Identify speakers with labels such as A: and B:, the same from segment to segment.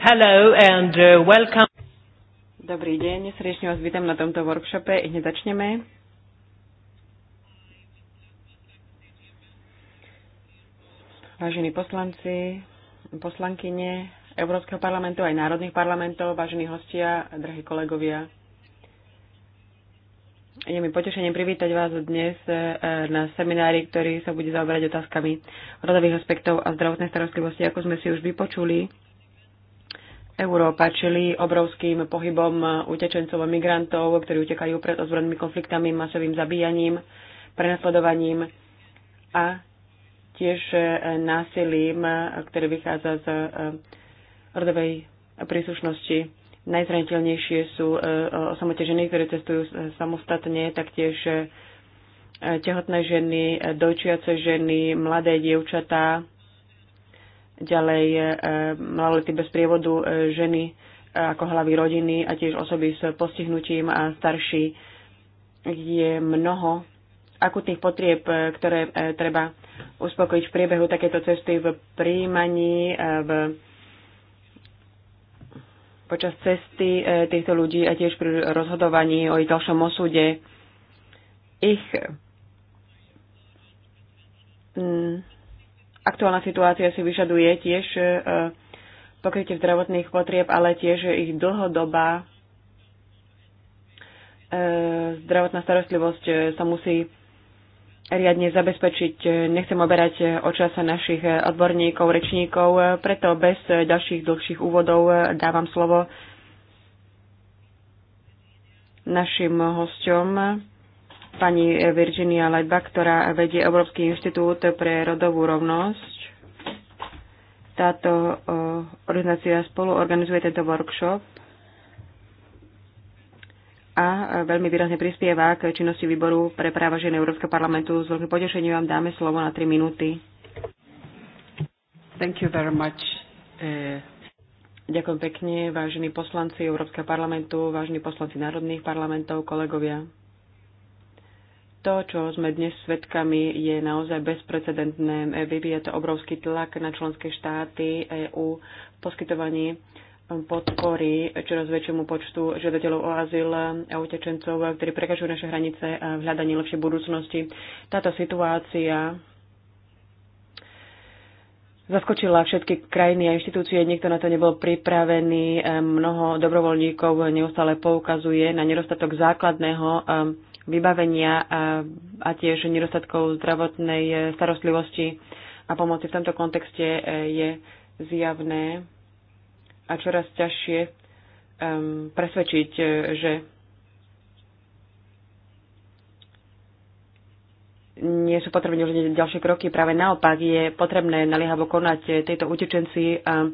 A: Hello and uh, welcome.
B: Dobrý deň, srdečne vás vítam na tomto workshope. Hneď začneme. Vážení poslanci, poslankyne Európskeho parlamentu aj národných parlamentov, vážení hostia, drahí kolegovia. Je mi potešením privítať vás dnes eh, na seminári, ktorý sa bude zaoberať otázkami rodových aspektov a zdravotnej starostlivosti, ako sme si už vypočuli Európa čelí obrovským pohybom utečencov a migrantov, ktorí utekajú pred ozbrojenými konfliktami, masovým zabíjaním, prenasledovaním a tiež e, násilím, ktoré vychádza z e, rodovej príslušnosti. Najzraniteľnejšie sú e, osamote ženy, ktoré cestujú samostatne, taktiež tehotné ženy, dojčiace ženy, mladé dievčatá, ďalej e, maloletí bez prievodu e, ženy e, ako hlavy rodiny a tiež osoby s postihnutím a starší. Je mnoho akutných potrieb, ktoré treba uspokojiť v priebehu takéto cesty v príjmaní, v počas cesty týchto ľudí a tiež pri rozhodovaní o ich ďalšom osude. Ich mm, Aktuálna situácia si vyžaduje tiež e, pokrytie zdravotných potrieb, ale tiež ich dlhodobá e, zdravotná starostlivosť e, sa musí riadne zabezpečiť. Nechcem oberať o čase našich odborníkov, rečníkov, preto bez ďalších dlhších úvodov dávam slovo našim hosťom pani Virginia Leba, ktorá vedie Európsky inštitút pre rodovú rovnosť. Táto organizácia spolu organizuje tento workshop a e, veľmi výrazne prispieva k činnosti výboru pre práva žien Európskeho parlamentu. S veľkým potešením vám dáme slovo na 3 minúty. Thank you very much. E, Ďakujem pekne, vážení poslanci Európskeho parlamentu, vážení poslanci národných parlamentov, kolegovia. To, čo sme dnes svedkami, je naozaj bezprecedentné. Vyvíja to obrovský tlak na členské štáty EÚ v poskytovaní um, podpory čoraz väčšiemu počtu žiadateľov o azyl a utečencov, ktorí prekažujú naše hranice v hľadaní lepšej budúcnosti. Táto situácia zaskočila všetky krajiny a inštitúcie, niekto na to nebol pripravený, um, mnoho dobrovoľníkov neustále poukazuje na nedostatok základného um, vybavenia a tiež nedostatkov zdravotnej e, starostlivosti a pomoci v tomto kontexte e, je zjavné a čoraz ťažšie e, presvedčiť, že nie sú potrebné už ďalšie kroky. Práve naopak je potrebné naliehavo konať. Tejto utečenci a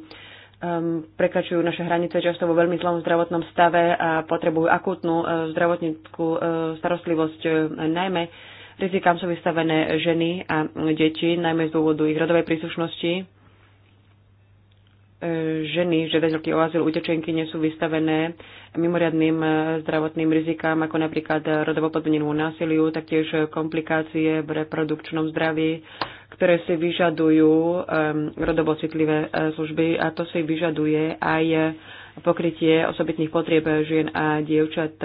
B: um, prekračujú naše hranice často vo veľmi zlom zdravotnom stave a potrebujú akútnu uh, e, zdravotníckú uh, e, starostlivosť. Uh, najmä rizikám sú vystavené ženy a deti, najmä z dôvodu ich rodovej príslušnosti. Ženy, žiadateľky o azyl, utečenky nie sú vystavené mimoriadným zdravotným rizikám, ako napríklad rodovo podmienenému násiliu, taktiež komplikácie v reprodukčnom zdraví, ktoré si vyžadujú rodovo citlivé e, služby a to si vyžaduje aj pokrytie osobitných potrieb žien a dievčat.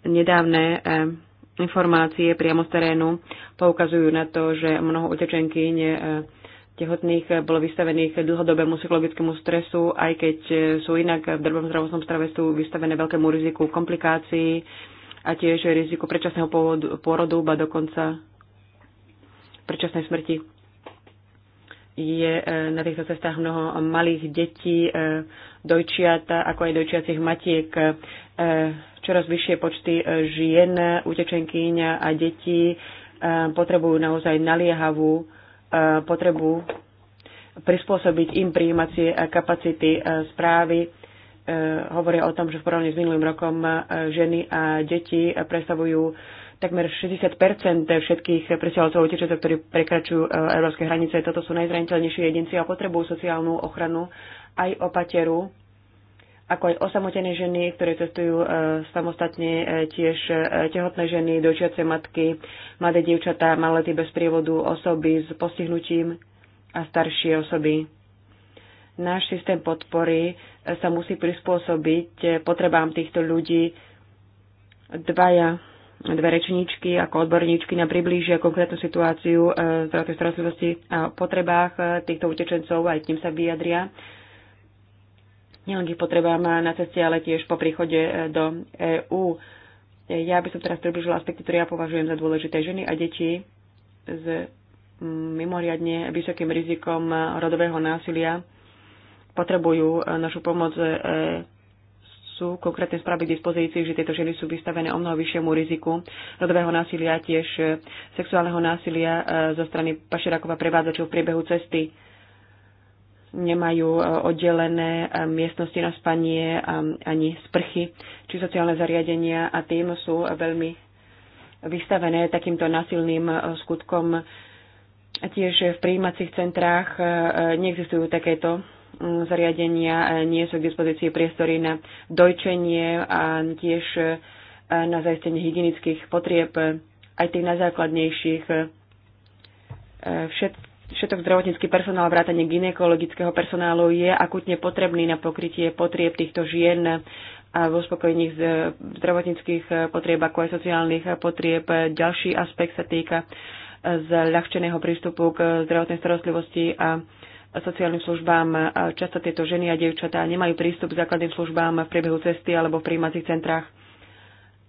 B: Nedávne informácie priamo z terénu poukazujú na to, že mnoho uh, tehotných bolo vystavených dlhodobému psychologickému stresu, aj keď e, sú inak v drobnom zdravotnom stave sú vystavené veľkému riziku komplikácií a tiež riziku predčasného pôrodu, ba dokonca predčasnej smrti. Je e, na týchto cestách mnoho malých detí, e, dojčiat, ako aj dojčiacich matiek. E, čoraz vyššie počty žien, utečenkyň a detí potrebujú naozaj naliehavú potrebu prispôsobiť im prijímacie kapacity správy. Hovoria o tom, že v porovnaní s minulým rokom ženy a deti predstavujú takmer 60 všetkých presťahovcov utečencov, ktorí prekračujú e, európske hranice. Toto sú najzraniteľnejšie jedinci a potrebujú sociálnu ochranu aj opateru, ako aj osamotené ženy, ktoré cestujú e, samostatne, e, tiež tehotné ženy, dočiace matky, mladé dievčatá, malety bez prievodu, osoby s postihnutím a staršie osoby. Náš systém podpory sa musí prispôsobiť potrebám týchto ľudí. Dvaja dve rečničky ako odborníčky na priblížia konkrétnu situáciu zdravotnej e, teda starostlivosti a potrebách e, týchto utečencov, aj k tým sa vyjadria. Nielen ich potrebám na ceste, ale tiež po príchode e, do EÚ. Ja by som teraz približila aspekty, ktoré ja považujem za dôležité. Ženy a deti s mm, mimoriadne vysokým rizikom rodového násilia potrebujú našu pomoc sú konkrétne správy k dispozícii, že tieto ženy sú vystavené o mnoho vyššiemu riziku rodového násilia, tiež e, sexuálneho násilia e, zo strany pašerakova prevádzačov v priebehu cesty. Nemajú e, oddelené miestnosti na spanie ani sprchy či sociálne zariadenia a tým sú veľmi vystavené takýmto násilným skutkom. Tiež v príjímacích centrách neexistujú takéto zariadenia, e, nie sú k dispozícii priestory na dojčenie a tiež e, na zaistenie hygienických potrieb, e, aj tých najzákladnejších. Všet, všetok zdravotnícky personál vrátane ginekologického personálu je akutne potrebný na pokrytie potrieb týchto žien a v uspokojení zdravotníckých potrieb, ako aj sociálnych potrieb. Ďalší aspekt sa týka zľahčeného prístupu k zdravotnej starostlivosti a sociálnym službám. Často tieto ženy a dievčatá nemajú prístup k základným službám v priebehu cesty alebo v príjmacích centrách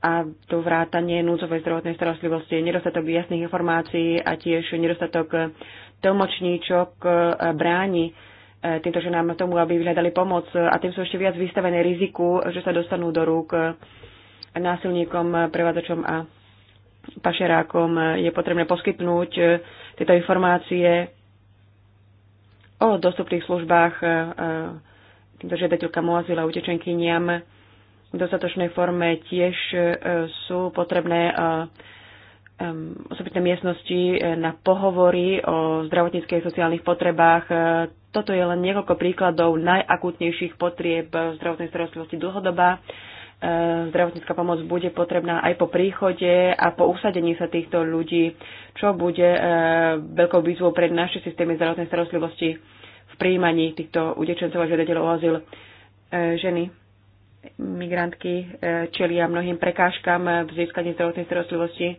B: a to vrátanie núdzovej zdravotnej starostlivosti, nedostatok jasných informácií a tiež nedostatok tlmočníčok eh, bráni eh, týmto ženám tomu, aby vyhľadali pomoc a tým sú ešte viac vystavené riziku, že sa dostanú do rúk eh, násilníkom, prevádzačom a pašerákom. Je potrebné poskytnúť tieto informácie o dostupných službách e, e, týmto žiadateľkám o azyl a utečenkyniam v dostatočnej forme tiež e, sú potrebné osobitné miestnosti na pohovory o zdravotníckých a sociálnych potrebách. Toto je len niekoľko príkladov najakútnejších potrieb zdravotnej starostlivosti dlhodobá zdravotnícka pomoc bude potrebná aj po príchode a po usadení sa týchto ľudí, čo bude e, veľkou výzvou pre naše systémy zdravotnej starostlivosti v príjmaní týchto utečencov a žiadateľov o azyl. E, ženy, migrantky e, čelia mnohým prekážkam v získaní zdravotnej starostlivosti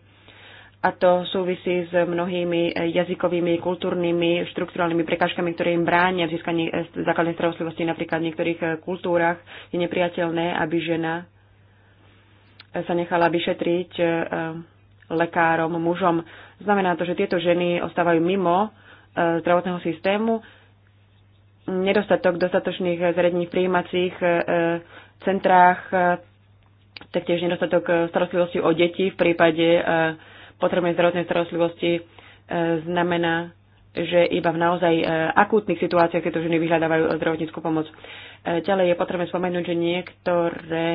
B: a to súvisí s mnohými jazykovými, kultúrnymi, štruktúralnými prekážkami, ktoré im bránia v získaní eh, základnej starostlivosti. Napríklad v niektorých eh, kultúrach je nepriateľné, aby žena eh, sa nechala vyšetriť lekárom, mužom. Znamená to, že tieto ženy ostávajú mimo zdravotného systému. Nedostatok dostatočných zariadení v príjímacích centrách, taktiež nedostatok starostlivosti o deti v prípade potrebnej zdravotnej starostlivosti e, znamená, že iba v naozaj e, akútnych situáciách tieto ženy vyhľadávajú zdravotníckú pomoc. E, ďalej je potrebné spomenúť, že niektoré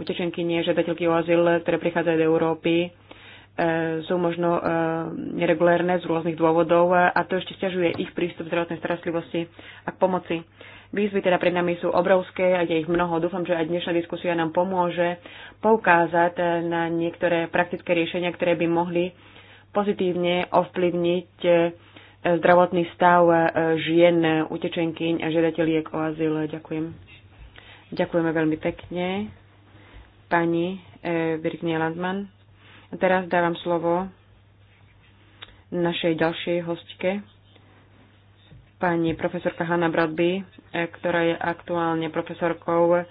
B: utečenky, nie žiadateľky o azyl, ktoré prichádzajú do Európy, sú možno neregulérne z rôznych dôvodov a to ešte stiažuje ich prístup zdravotnej starostlivosti a k pomoci. Výzvy teda pred nami sú obrovské a je ich mnoho. Dúfam, že aj dnešná diskusia nám pomôže poukázať na niektoré praktické riešenia, ktoré by mohli pozitívne ovplyvniť eh, zdravotný stav eh, žien, utečenkyň a žiadateľiek o azyl. Ďakujem. Ďakujeme veľmi pekne. Pani eh, Virginia Landman. A teraz dávam slovo našej ďalšej hostke, pani profesorka Hanna Bradby E, ktorá je aktuálne profesorkou e,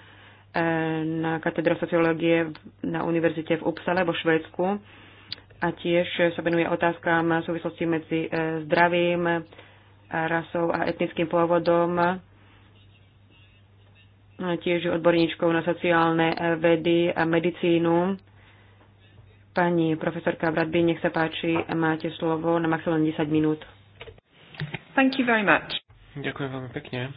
B: na katedre sociológie na univerzite v Uppsale vo Švédsku a tiež sa venuje otázkam súvislosti medzi e, zdravím, rasou a etnickým pôvodom. Tiež je odborníčkou na sociálne vedy a medicínu. Pani profesorka Bradby, nech sa páči, máte slovo na maximálne 10 minút. Thank you very much. Ďakujem veľmi pekne.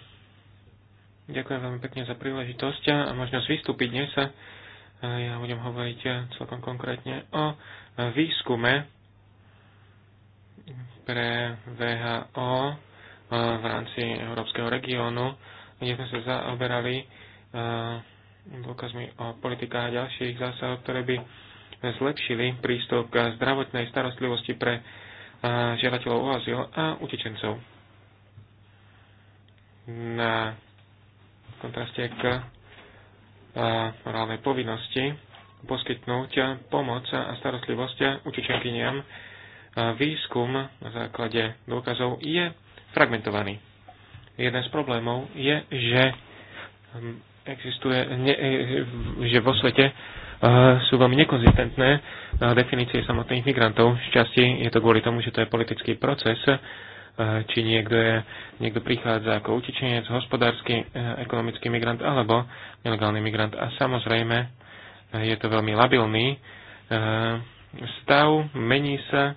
C: Ďakujem veľmi pekne za príležitosť a možnosť vystúpiť dnes. Ja budem hovoriť celkom konkrétne o výskume pre VHO v rámci Európskeho regiónu, kde sme sa zaoberali e, dôkazmi o politikách a ďalších zásahov, ktoré by zlepšili prístup k zdravotnej starostlivosti pre e, žiadateľov o azyl a utečencov. Na kontraste k e, morálnej povinnosti poskytnúť pomoc a starostlivosť učičenkyniam e, výskum na základe dôkazov je fragmentovaný. Jeden z problémov je, že existuje, ne, e, že vo svete sú veľmi nekonzistentné definície samotných migrantov. V časti je to kvôli tomu, že to je politický proces, Eh, či niekto, je, niekto prichádza ako utečenec, hospodársky, eh, ekonomický migrant alebo nelegálny migrant. A samozrejme eh, je to veľmi labilný stav, mení sa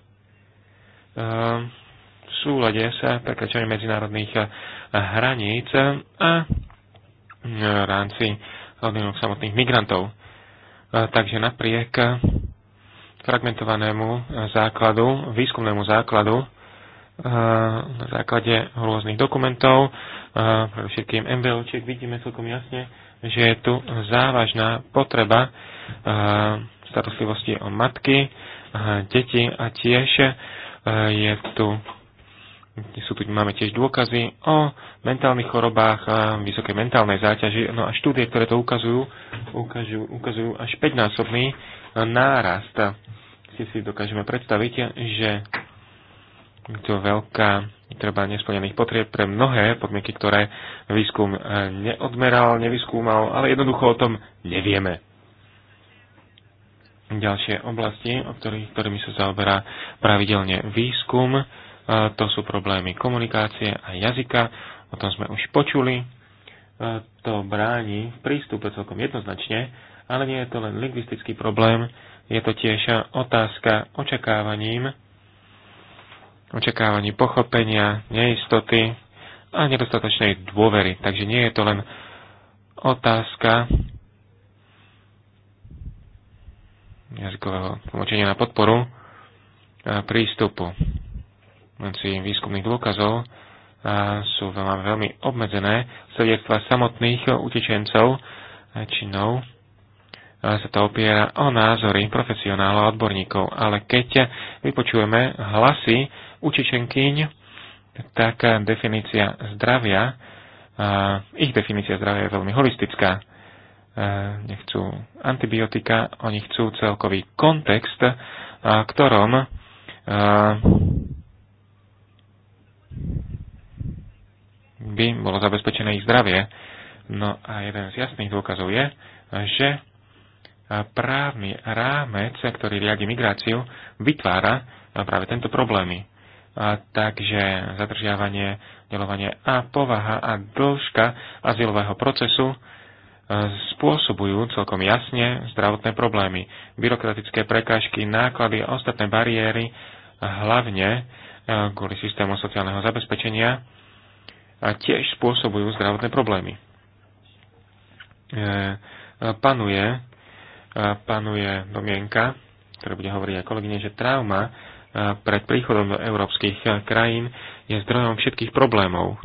C: v súlade sa prekračovanie medzinárodných hraníc a v rámci hľadinok samotných migrantov. Takže napriek fragmentovanému základu, výskumnému základu, na základe rôznych dokumentov, pre všetkým MVOčiek, vidíme celkom jasne, že je tu závažná potreba starostlivosti o matky, deti a tiež je tu sú tu, máme tiež dôkazy o mentálnych chorobách a vysokej mentálnej záťaži. No a štúdie, ktoré to ukazujú, ukazujú, ukazujú až 5-násobný nárast. Si si dokážeme predstaviť, že je to veľká treba nesplnených potrieb pre mnohé podmienky, ktoré výskum e, neodmeral, nevyskúmal, ale jednoducho o tom nevieme. Ďalšie oblasti, o ktorých, ktorými sa zaoberá pravidelne výskum, e, to sú problémy komunikácie a jazyka, o tom sme už počuli. E, to bráni v prístupe celkom jednoznačne, ale nie je to len lingvistický problém, je to tiež otázka očakávaním, očakávaní pochopenia, neistoty a nedostatočnej dôvery. Takže nie je to len otázka jazykového tlmočenia na podporu a prístupu. Menci výskumných dôkazov sú veľmi, veľmi obmedzené svedectva samotných utečencov činov sa to opiera o názory profesionálov a odborníkov, ale keď vypočujeme hlasy učičenkyň, tak definícia zdravia, ich definícia zdravia je veľmi holistická. Nechcú antibiotika, oni chcú celkový kontext, ktorom by bolo zabezpečené ich zdravie. No a jeden z jasných dôkazov je, že právny rámec, ktorý riadi migráciu, vytvára práve tento problémy a takže zadržiavanie, delovanie a povaha a dĺžka azylového procesu e, spôsobujú celkom jasne zdravotné problémy, byrokratické prekážky, náklady a ostatné bariéry, hlavne e, kvôli systému sociálneho zabezpečenia, a tiež spôsobujú zdravotné problémy. E, panuje, panuje domienka, ktorá bude hovoriť aj kolegyne, že trauma pred príchodom do európskych krajín je zdrojom všetkých problémov.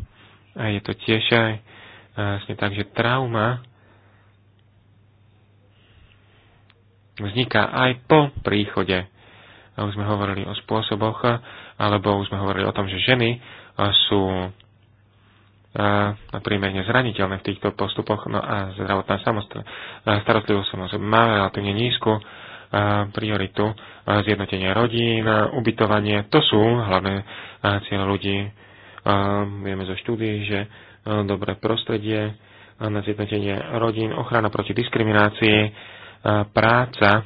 C: A je to tiež aj vlastne tak, že trauma vzniká aj po príchode. A už sme hovorili o spôsoboch, alebo už sme hovorili o tom, že ženy sú no, prímerne zraniteľné v týchto postupoch. No a zdravotná starostlivosť samozrejme má relatívne nízku prioritu zjednotenia rodín, ubytovanie. To sú hlavné cieľe ľudí. Vieme zo štúdií, že dobré prostredie na zjednotenie rodín, ochrana proti diskriminácii, práca,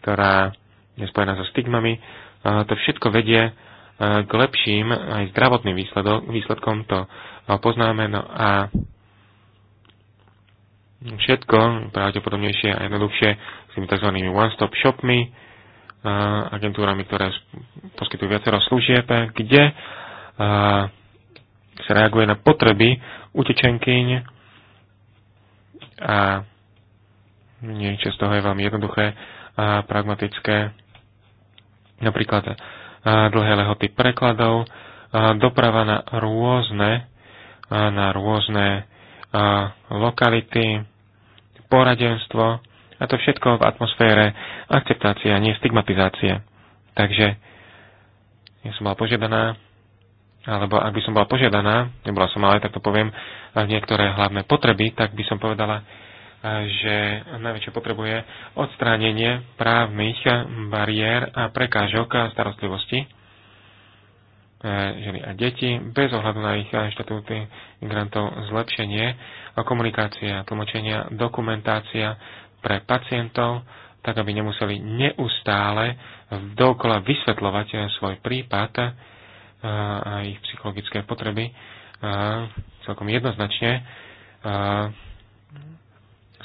C: ktorá je spojená so stigmami, to všetko vedie k lepším aj zdravotným výsledkom, to poznáme, no a všetko pravdepodobnejšie a jednoduchšie tými tzv. one-stop shopmi, eh, agentúrami, ktoré poskytujú viacero služieb, kde eh, sa reaguje na potreby utečenkyň a niečo z toho je veľmi jednoduché a pragmatické. Napríklad eh, dlhé lehoty prekladov, doprava na rôzne, na rôzne lokality, poradenstvo, a to všetko v atmosfére akceptácie a nie stigmatizácie. Takže ja som bola požiadaná, alebo ak by som bola požiadaná, nebola som ale, tak to poviem, niektoré hlavné potreby, tak by som povedala, že najväčšie potrebuje odstránenie právnych bariér a prekážok a starostlivosti e, ženy a deti, bez ohľadu na ich štatúty grantov, zlepšenie komunikácia, tlmočenia, dokumentácia, pre pacientov, tak aby nemuseli neustále dokola vysvetľovať eh, svoj prípad eh, a ich psychologické potreby eh, celkom jednoznačne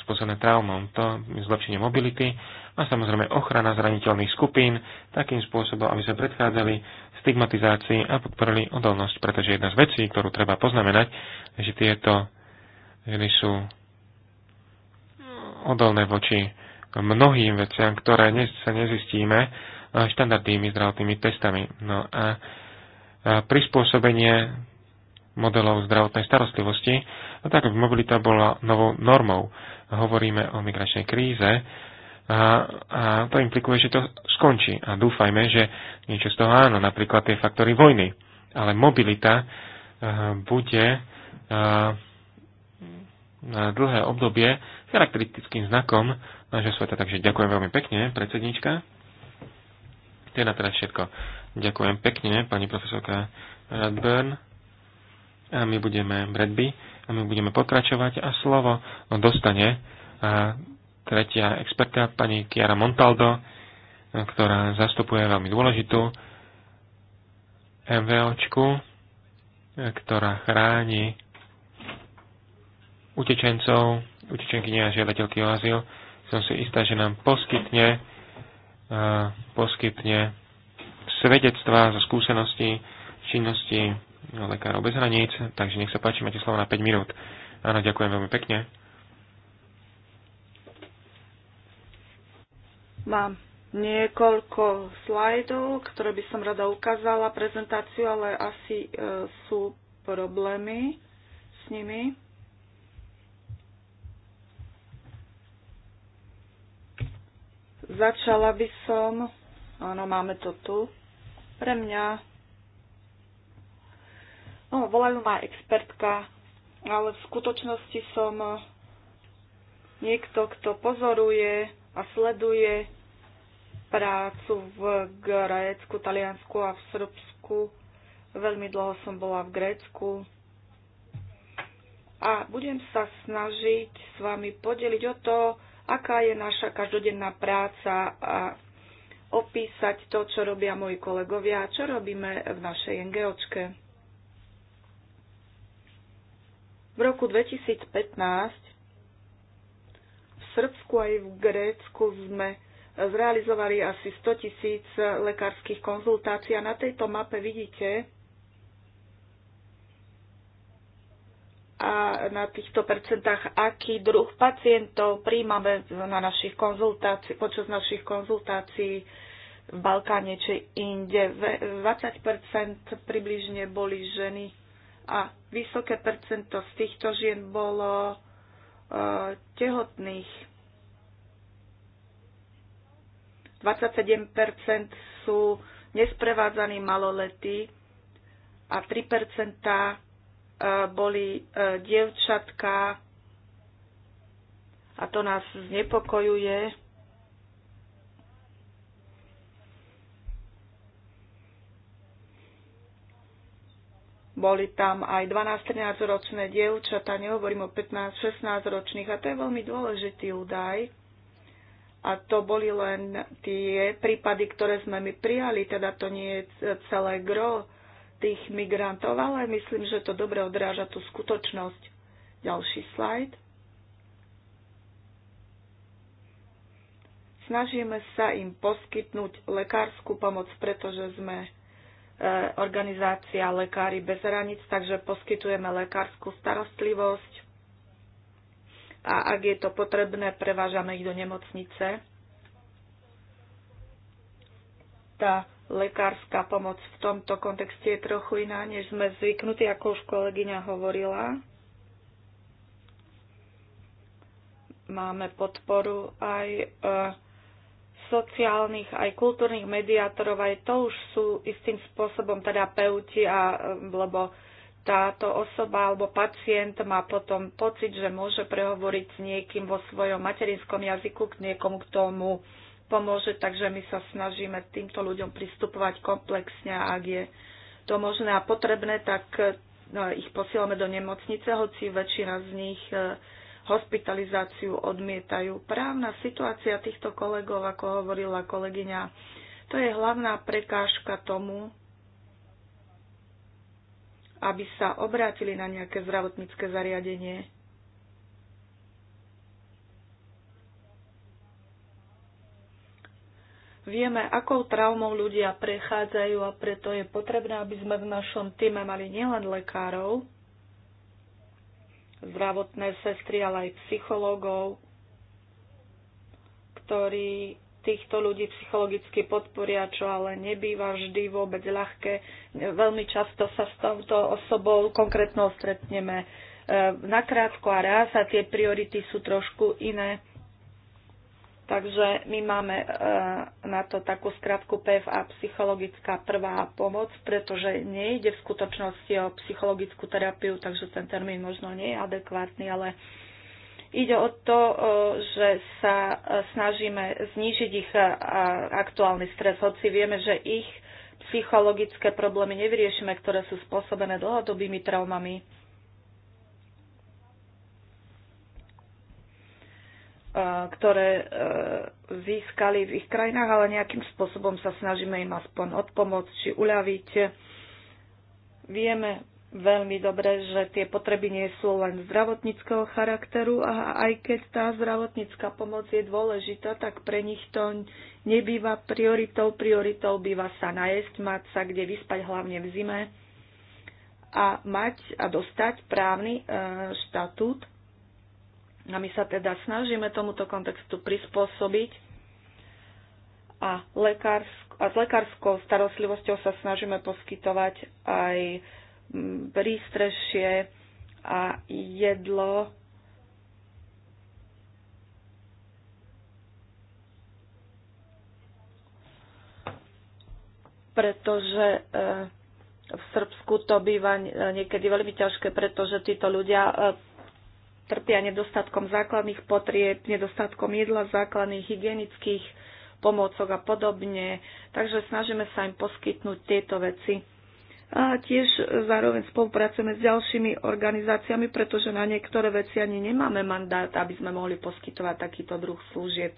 C: spôsobené traumom, to zlepšenie mobility a samozrejme ochrana zraniteľných skupín takým spôsobom, aby sa predchádzali stigmatizácii a podporili odolnosť, pretože jedna z vecí, ktorú treba poznamenať, že tieto ženy sú odolné voči mnohým veciam, ktoré dnes sa nezistíme eh, štandardnými zdravotnými testami. No a prispôsobenie modelov zdravotnej starostlivosti, a tak aby mobilita bola novou normou. Hovoríme o migračnej kríze a, a to implikuje, že to skončí. A dúfajme, že niečo z toho áno, napríklad tie faktory vojny. Ale mobilita a, eh, bude a, eh, na dlhé obdobie charakteristickým znakom nášho sveta. Takže ďakujem veľmi pekne, predsednička. Teda je na teraz všetko. Ďakujem pekne, pani profesorka Radburn. A my budeme Bradby a my budeme pokračovať a slovo dostane a tretia expertka, pani Chiara Montaldo, ktorá zastupuje veľmi dôležitú MVOčku, ktorá chráni utečencov utečenkyne a žiadateľky o azyl, som si istá, že nám poskytne, uh, poskytne svedectvá zo skúsenosti činnosti lekárov bez hraníc, takže nech sa páči, máte slovo na 5 minút. Áno, ďakujem veľmi pekne.
A: Mám niekoľko slajdov, ktoré by som rada ukázala prezentáciu, ale asi e, sú problémy s nimi. Začala by som, áno, máme to tu, pre mňa, no, volajú ma expertka, ale v skutočnosti som eh, niekto, kto pozoruje a sleduje prácu v Grécku, Taliansku a v Srbsku. Veľmi dlho som bola v Grécku. A budem sa snažiť s vami podeliť o to, aká je naša každodenná práca a opísať to, čo robia moji kolegovia a čo robíme v našej NGOčke. V roku 2015 v Srbsku aj v Grécku sme zrealizovali asi 100 tisíc lekárskych konzultácií a na tejto mape vidíte, a na týchto percentách, aký druh pacientov príjmame na našich konzultácií, počas našich konzultácií v Balkáne či inde. 20% približne boli ženy a vysoké percento z týchto žien bolo e, tehotných. 27% sú nesprevádzaní maloletí a 3% boli e, dievčatka a to nás znepokojuje. Boli tam aj 12-13 ročné dievčatá, nehovorím o 15-16 ročných a to je veľmi dôležitý údaj. A to boli len tie prípady, ktoré sme my prijali, teda to nie je celé gro tých migrantov, ale myslím, že to dobre odráža tú skutočnosť. Ďalší slajd. Snažíme sa im poskytnúť lekárskú pomoc, pretože sme e, organizácia Lekári bez hraníc, takže poskytujeme lekárskú starostlivosť a ak je to potrebné, prevážame ich do nemocnice. Tá lekárska pomoc v tomto kontexte je trochu iná, než sme zvyknutí, ako už kolegyňa hovorila. Máme podporu aj e, sociálnych, aj kultúrnych mediátorov, aj to už sú istým spôsobom peuti, a, e, lebo táto osoba alebo pacient má potom pocit, že môže prehovoriť s niekým vo svojom materinskom jazyku, k niekomu, k tomu pomôže, takže my sa snažíme týmto ľuďom pristupovať komplexne, ak je to možné a potrebné, tak e, no, ich posielame do nemocnice, hoci väčšina z nich e, hospitalizáciu odmietajú. Právna situácia týchto kolegov, ako hovorila kolegyňa, to je hlavná prekážka tomu, aby sa obrátili na nejaké zdravotnícke zariadenie. Vieme, akou traumou ľudia prechádzajú a preto je potrebné, aby sme v našom týme mali nielen lekárov, zdravotné sestry, ale aj psychológov, ktorí týchto ľudí psychologicky podporia, čo ale nebýva vždy vôbec ľahké. Veľmi často sa s touto osobou konkrétnou stretneme eh, nakrátko a raz a tie priority sú trošku iné. Takže my máme e, na to takú skratku PFA psychologická prvá pomoc, pretože nejde v skutočnosti o psychologickú terapiu, takže ten termín možno nie je adekvátny, ale ide o to, e, že sa e, snažíme znížiť ich aktuálny stres, hoci vieme, že ich psychologické problémy nevyriešime, ktoré sú spôsobené dlhodobými traumami ktoré e, získali v ich krajinách, ale nejakým spôsobom sa snažíme im aspoň odpomôcť či uľaviť. Vieme veľmi dobre, že tie potreby nie sú len zdravotníckého charakteru a aj keď tá zdravotnícká pomoc je dôležitá, tak pre nich to nebýva prioritou. Prioritou býva sa najesť, mať sa kde vyspať hlavne v zime a mať a dostať právny e, štatút a my sa teda snažíme tomuto kontextu prispôsobiť a, lekársk- a s lekárskou starostlivosťou sa snažíme poskytovať aj mm, prístrešie a jedlo. pretože eh, v Srbsku to býva niekedy veľmi ťažké, pretože títo ľudia eh, trpia nedostatkom základných potrieb, nedostatkom jedla, základných hygienických pomôcok a podobne. Takže snažíme sa im poskytnúť tieto veci. A tiež zároveň spolupracujeme s ďalšími organizáciami, pretože na niektoré veci ani nemáme mandát, aby sme mohli poskytovať takýto druh služieb.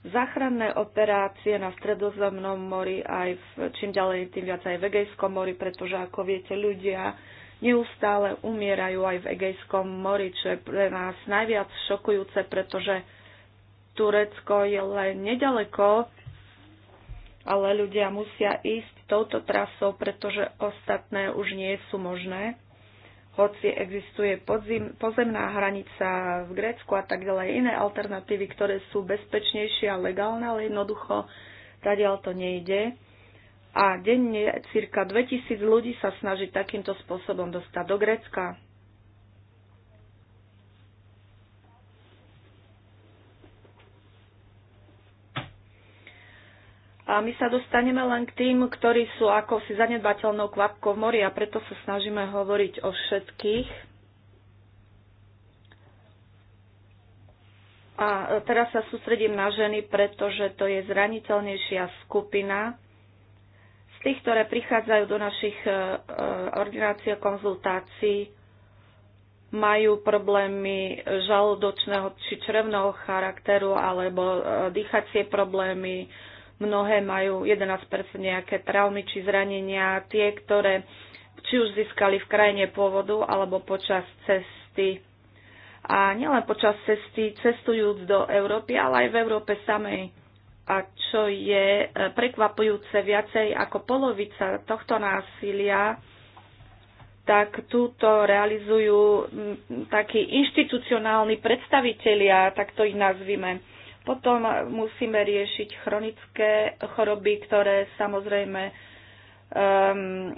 A: Záchranné operácie na Stredozemnom mori aj v, čím ďalej, tým viac aj v Egejskom mori, pretože ako viete, ľudia neustále umierajú aj v Egejskom mori, čo je pre nás najviac šokujúce, pretože Turecko je len nedaleko, ale ľudia musia ísť touto trasou, pretože ostatné už nie sú možné hoci existuje podzim, pozemná hranica v Grécku a tak ďalej, iné alternatívy, ktoré sú bezpečnejšie a legálne, ale jednoducho zatiaľ to nejde. A denne cirka 2000 ľudí sa snaží takýmto spôsobom dostať do Grécka. A my sa dostaneme len k tým, ktorí sú ako si zanedbateľnou kvapkou v mori a preto sa snažíme hovoriť o všetkých. A teraz sa sústredím na ženy, pretože to je zraniteľnejšia skupina z tých, ktoré prichádzajú do našich e, e, ordinácií a konzultácií majú problémy žalúdočného či črevného charakteru alebo e, dýchacie problémy, Mnohé majú 11% nejaké traumy či zranenia, tie, ktoré či už získali v krajine pôvodu alebo počas cesty. A nielen počas cesty, cestujúc do Európy, ale aj v Európe samej. A čo je e, prekvapujúce, viacej ako polovica tohto násilia tak túto realizujú takí inštitucionálni predstavitelia, tak to ich nazvime. Potom musíme riešiť chronické choroby, ktoré samozrejme um,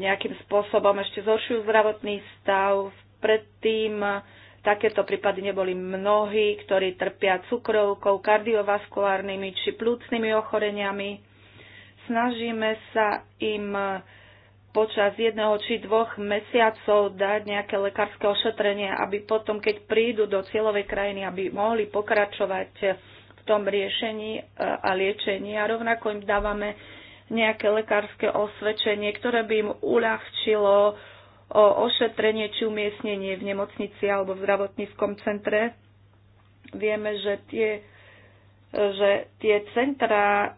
A: nejakým spôsobom ešte zhoršujú zdravotný stav. Predtým takéto prípady neboli mnohí, ktorí trpia cukrovkou, kardiovaskulárnymi či plúcnymi ochoreniami. Snažíme sa im počas jedného či dvoch mesiacov dať nejaké lekárske ošetrenie, aby potom, keď prídu do cieľovej krajiny, aby mohli pokračovať v tom riešení e, a liečení. A rovnako im dávame nejaké lekárske osvedčenie, ktoré by im uľahčilo ošetrenie či umiestnenie v nemocnici alebo v zdravotníckom centre. Vieme, že tie e, že tie centra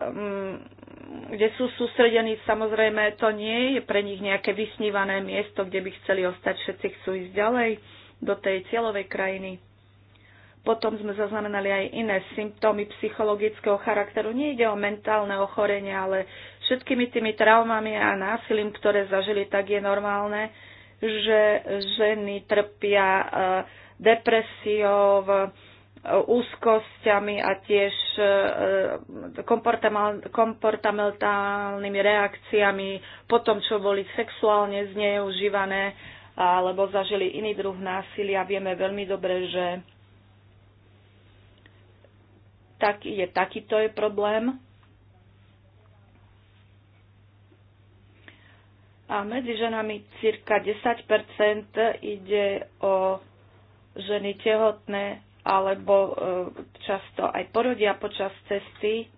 A: kde sú sústredení, samozrejme to nie je pre nich nejaké vysnívané miesto, kde by chceli ostať, všetci chcú ísť ďalej do tej cieľovej krajiny. Potom sme zaznamenali aj iné symptómy psychologického charakteru. Nie ide o mentálne ochorenie, ale všetkými tými traumami a násilím, ktoré zažili, tak je normálne, že ženy trpia eh, depresiou, úzkosťami a tiež e, komportamentálnymi reakciami po tom, čo boli sexuálne zneužívané alebo zažili iný druh násilia. Vieme veľmi dobre, že tak je, takýto je problém. A medzi ženami cirka 10 ide o ženy tehotné alebo e, často aj porodia počas cesty.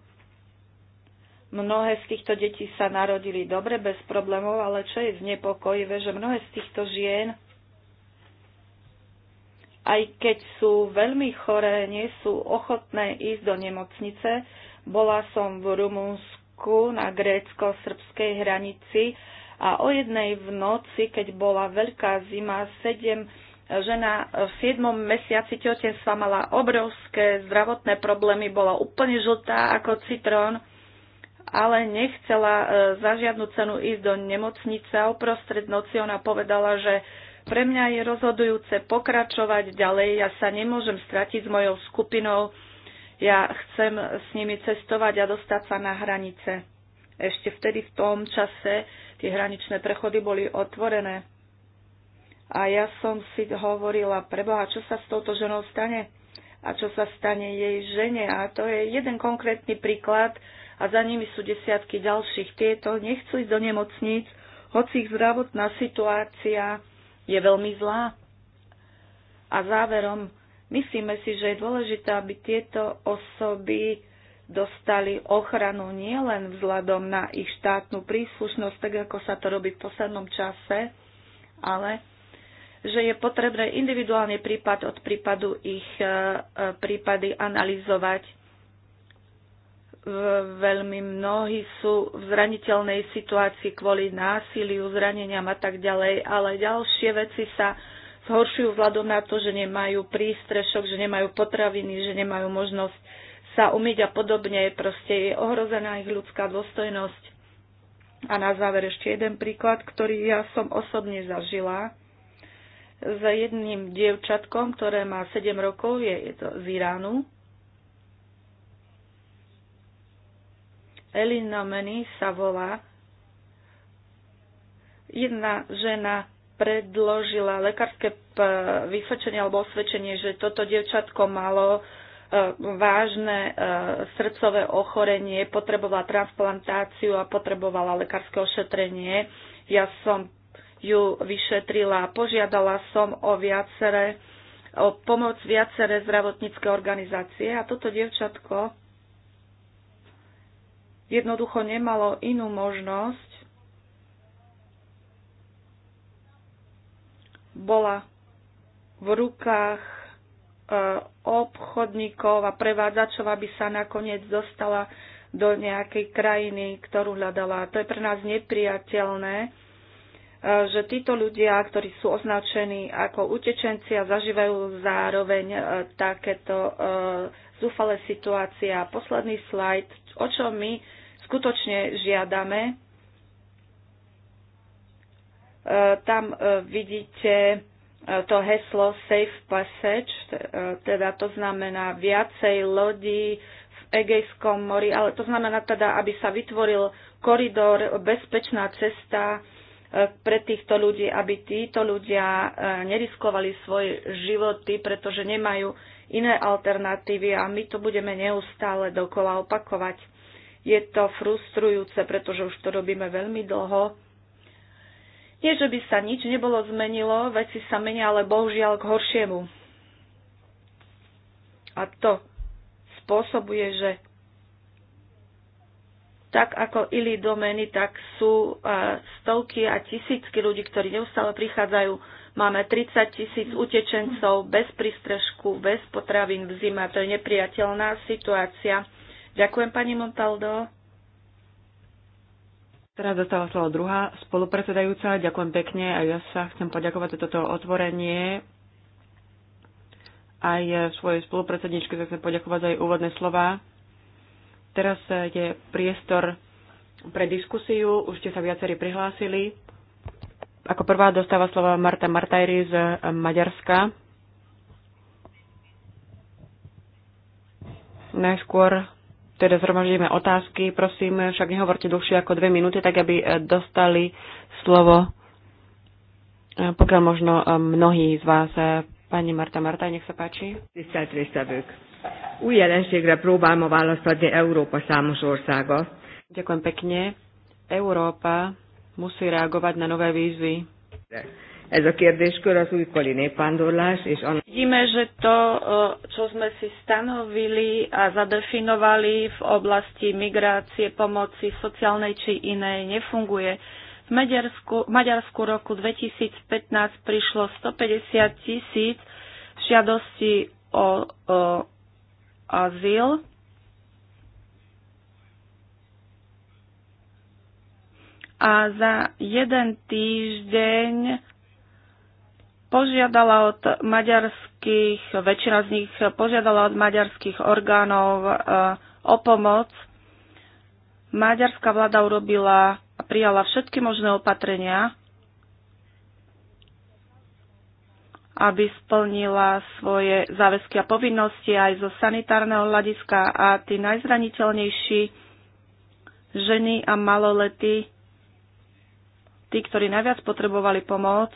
A: Mnohé z týchto detí sa narodili dobre, bez problémov, ale čo je znepokojivé, že mnohé z týchto žien, aj keď sú veľmi choré, nie sú ochotné ísť do nemocnice. Bola som v Rumunsku na grécko-srbskej hranici a o jednej v noci, keď bola veľká zima, sedem žena v 7. mesiaci tehotenstva mala obrovské zdravotné problémy, bola úplne žltá ako citrón, ale nechcela e, za žiadnu cenu ísť do nemocnice a uprostred noci ona povedala, že pre mňa je rozhodujúce pokračovať ďalej, ja sa nemôžem stratiť s mojou skupinou, ja chcem s nimi cestovať a dostať sa na hranice. Ešte vtedy v tom čase tie hraničné prechody boli otvorené a ja som si hovorila, preboha, čo sa s touto ženou stane? A čo sa stane jej žene? A to je jeden konkrétny príklad a za nimi sú desiatky ďalších. Tieto nechcú ísť do nemocníc, hoci ich zdravotná situácia je veľmi zlá. A záverom, myslíme si, že je dôležité, aby tieto osoby dostali ochranu nielen vzhľadom na ich štátnu príslušnosť, tak ako sa to robí v poslednom čase, ale že je potrebné individuálne prípad od prípadu ich e, prípady analyzovať. Veľmi mnohí sú v zraniteľnej situácii kvôli násiliu, zraneniam a tak ďalej, ale ďalšie veci sa zhoršujú vzhľadom na to, že nemajú prístrešok, že nemajú potraviny, že nemajú možnosť sa umyť a podobne. Proste je ohrozená ich ľudská dôstojnosť. A na záver ešte jeden príklad, ktorý ja som osobne zažila s jedným dievčatkom, ktoré má 7 rokov, je, je to z Iránu. Elina Meni sa volá. Jedna žena predložila lekárske vysvedčenie alebo osvedčenie, že toto dievčatko malo e, vážne e, srdcové ochorenie, potrebovala transplantáciu a potrebovala lekárske ošetrenie. Ja som ju vyšetrila. Požiadala som o viacere o pomoc viaceré zdravotnícke organizácie a toto dievčatko jednoducho nemalo inú možnosť. Bola v rukách e, obchodníkov a prevádzačov, aby sa nakoniec dostala do nejakej krajiny, ktorú hľadala. To je pre nás nepriateľné E, že títo ľudia, ktorí sú označení ako utečenci a zažívajú zároveň e, takéto e, zúfale situácia. Posledný slajd, o čo my skutočne žiadame. Tam vidíte to heslo Safe Passage, teda to znamená viacej lodí v Egejskom mori, ale to znamená teda, aby sa vytvoril koridor, bezpečná cesta, E, pre týchto ľudí, aby títo ľudia e, neriskovali svoje životy, pretože nemajú iné alternatívy a my to budeme neustále dokola opakovať. Je to frustrujúce, pretože už to robíme veľmi dlho. Nie, že by sa nič nebolo zmenilo, veci sa menia, ale bohužiaľ k horšiemu. A to spôsobuje, že tak ako ili domeny, tak sú e, stovky a tisícky ľudí, ktorí neustále prichádzajú. Máme 30 tisíc utečencov bez prístrežku, bez potravín v zima. To je nepriateľná situácia. Ďakujem, pani Montaldo.
B: Teraz dostala slovo druhá spolupredsedajúca. Ďakujem pekne a ja sa chcem poďakovať za toto otvorenie. Aj e, svojej spolupredsedničke sa chcem poďakovať za jej úvodné slova. Teraz je eh, priestor pre diskusiu. Už ste sa viacerí prihlásili. Ako prvá dostáva slova Marta Martajri z eh, Maďarska. Najskôr teda zhromaždíme otázky. Prosím, však nehovorte dlhšie ako dve minúty, tak aby eh, dostali slovo pokiaľ možno mnohí z vás. Pani Marta Marta, nech sa páči. Új jelenségre próbál ma választ adni Európa számos országa. Ďakujem pekne. Európa musí reagovať na nové výzvy. Ez a kérdéskör az újkori népvándorlás és annak...
A: Vidíme, že to, čo sme si stanovili a zadefinovali v oblasti migrácie, pomoci sociálnej či inej, nefunguje. V Maďarsku, Maďarsku roku 2015 prišlo 150 tisíc žiadosti o, o azyl. A za jeden týždeň požiadala od maďarských, väčšina z nich požiadala od maďarských orgánov e, o pomoc. Maďarská vláda urobila a prijala všetky možné opatrenia, aby splnila svoje záväzky a povinnosti aj zo sanitárneho hľadiska a tí najzraniteľnejší ženy a malolety, tí, ktorí najviac potrebovali pomoc,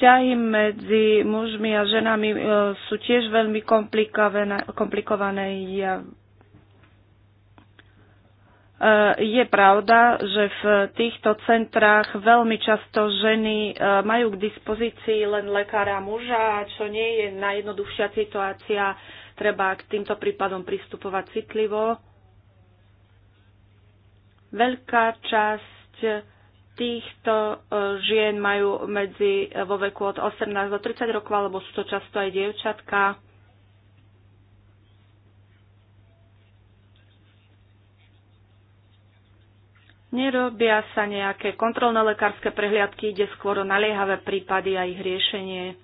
A: vzťahy medzi mužmi a ženami e, sú tiež veľmi komplikované. komplikované. Ja Eh, je pravda, že v týchto centrách veľmi často ženy eh, majú k dispozícii len lekára muža, čo nie je najjednoduchšia situácia. Treba k týmto prípadom pristupovať citlivo. Veľká časť týchto eh, žien majú medzi vo veku od 18 do 30 rokov, alebo sú to často aj dievčatka Nerobia sa nejaké kontrolné lekárske prehliadky, ide skôr o naliehavé prípady a ich riešenie.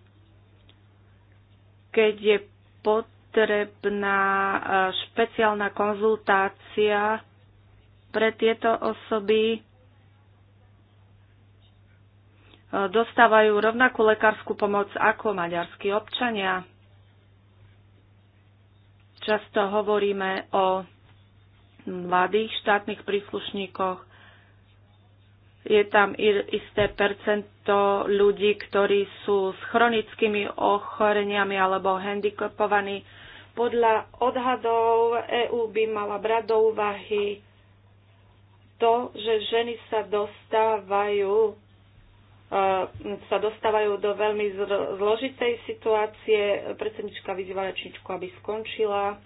A: Keď je potrebná e, špeciálna konzultácia pre tieto osoby, e, dostávajú rovnakú lekárskú pomoc ako maďarskí občania. Často hovoríme o mladých štátnych príslušníkoch, je tam isté percento ľudí, ktorí sú s chronickými ochoreniami alebo handicapovaní. Podľa odhadov EÚ by mala brať do úvahy to, že ženy sa dostávajú e, sa dostávajú do veľmi zložitej situácie. Predsednička vyzýva rečničku, aby skončila.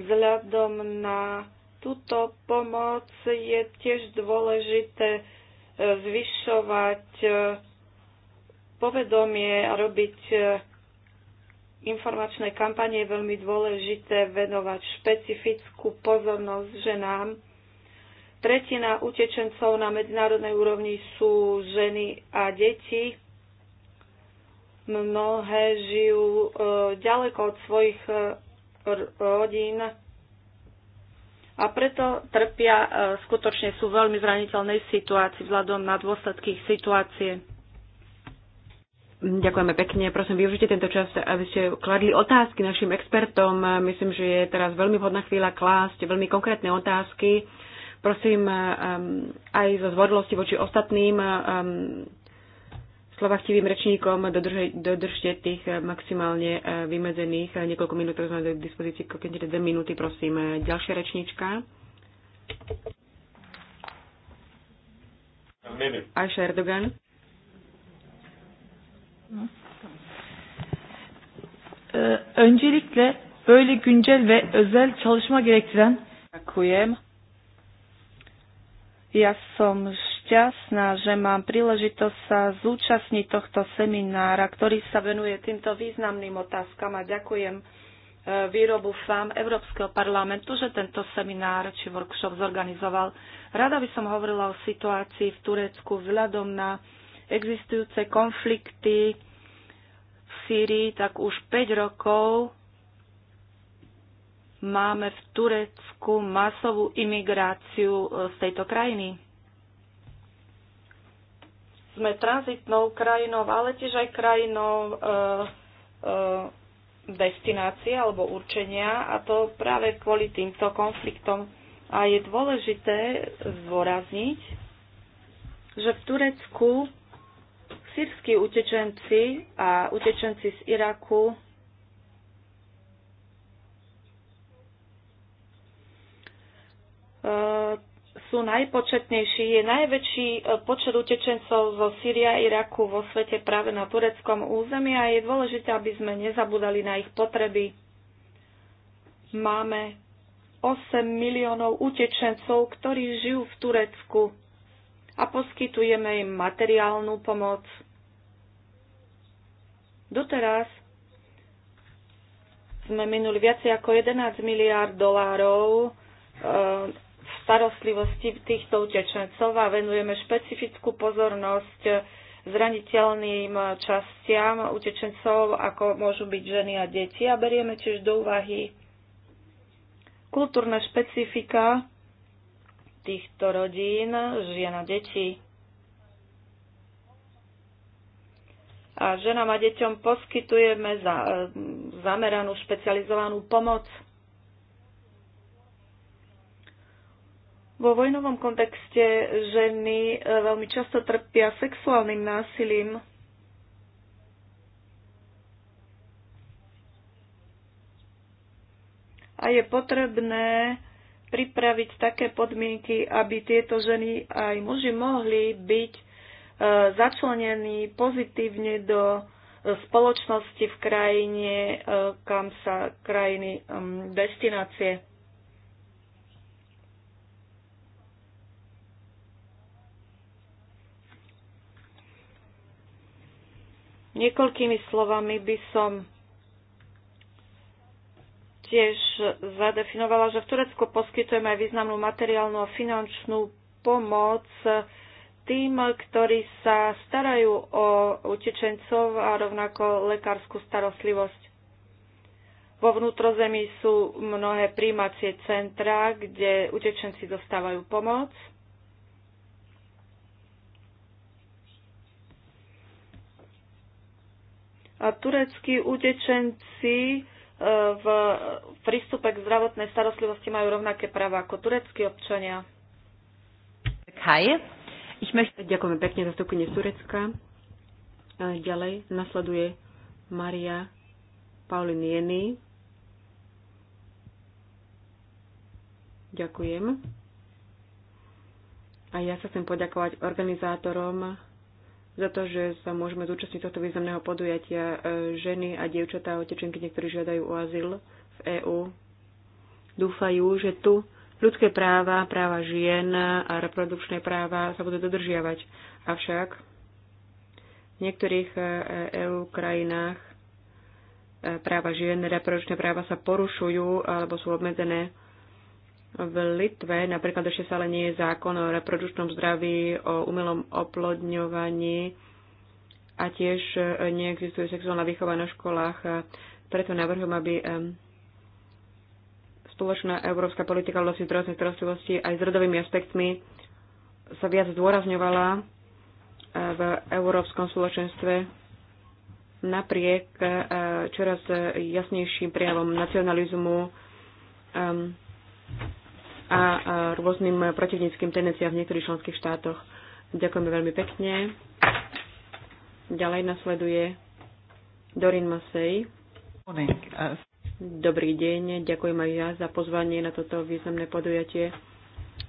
A: Vzhľadom na túto pomoc je tiež dôležité e, zvyšovať e, povedomie a robiť e, informačné kampanie je veľmi dôležité venovať špecifickú pozornosť ženám. Tretina utečencov na medzinárodnej úrovni sú ženy a deti. Mnohé žijú ďaleko od svojich rodín a preto trpia, e, skutočne sú v veľmi zraniteľnej situácii vzhľadom na dôsledky ich situácie.
B: Ďakujeme pekne. Prosím, využite tento čas, aby ste kladli otázky našim expertom. Myslím, že je teraz veľmi vhodná chvíľa klásť veľmi konkrétne otázky. Prosím, aj zo zvodlosti voči ostatným slova rečníkom, dodrže, dodržte tých eh, maximálne eh, vymedzených eh, niekoľko minút, ktoré sme k dispozícii, keď dve minúty, prosím. Ďalšia rečníčka. Ajša Erdogan.
A: Öncelikle böyle güncel ve özel çalışma gerektiren Ďakujem. Ja som šťastná, že mám príležitosť sa zúčastniť tohto seminára, ktorý sa venuje týmto významným otázkam a ďakujem e, výrobu FAM Európskeho parlamentu, že tento seminár či workshop zorganizoval. Rada by som hovorila o situácii v Turecku vzhľadom na existujúce konflikty v Sýrii, tak už 5 rokov máme v Turecku masovú imigráciu e, z tejto krajiny sme tranzitnou krajinou, ale tiež aj krajinou e, e, destinácie alebo určenia a to práve kvôli týmto konfliktom. A je dôležité zdôrazniť, že v Turecku sírsky utečenci a utečenci z Iraku e, sú najpočetnejší. Je najväčší e, počet utečencov zo Syria a Iraku vo svete práve na tureckom území a je dôležité, aby sme nezabudali na ich potreby. Máme 8 miliónov utečencov, ktorí žijú v Turecku a poskytujeme im materiálnu pomoc. Doteraz sme minuli viac ako 11 miliárd dolárov e, starostlivosti týchto utečencov a venujeme špecifickú pozornosť zraniteľným častiam utečencov, ako môžu byť ženy a deti. A berieme tiež do úvahy kultúrne špecifika týchto rodín, žien a detí. A ženám a deťom poskytujeme za, e, zameranú špecializovanú pomoc Vo vojnovom kontexte ženy e, veľmi často trpia sexuálnym násilím. A je potrebné pripraviť také podmienky, aby tieto ženy aj muži mohli byť e, začlenení pozitívne do e, spoločnosti v krajine, kam sa krajiny destinácie Niekoľkými slovami by som tiež zadefinovala, že v Turecku poskytujeme aj významnú materiálnu a finančnú pomoc tým, ktorí sa starajú o utečencov a rovnako lekárskú starostlivosť. Vo vnútrozemí sú mnohé príjmacie centra, kde utečenci dostávajú pomoc tureckí utečenci e, v prístupe k zdravotnej starostlivosti majú rovnaké práva ako tureckí občania.
B: Kaj. Ich möchte... Ďakujeme pekne za vstupenie z Turecka. E, ďalej nasleduje Maria Paulin Jeny. Ďakujem. A ja sa chcem poďakovať organizátorom za to, že sa môžeme zúčastniť tohto významného podujatia. E, ženy a dievčatá a otečenky, niektorí žiadajú o azyl v EÚ, dúfajú, že tu ľudské práva, práva žien a reprodukčné práva sa budú dodržiavať. Avšak v niektorých EÚ e krajinách e, práva žien, reprodukčné práva sa porušujú alebo sú obmedzené v Litve napríklad ešte stále nie je zákon o reprodučnom zdraví, o umelom oplodňovaní a tiež e, neexistuje sexuálna výchova na školách. Preto navrhujem, aby e, spoločná európska politika v oblasti zdravotnej starostlivosti aj s rodovými aspektmi sa viac zdôrazňovala e, v európskom spoločenstve napriek čoraz jasnejším prijavom nacionalizmu ehm, a rôznym protivníckým tendenciám v niektorých členských štátoch. Ďakujeme veľmi pekne. Ďalej nasleduje Dorin Masej. Dobrý deň, ďakujem aj ja za pozvanie na toto významné podujatie.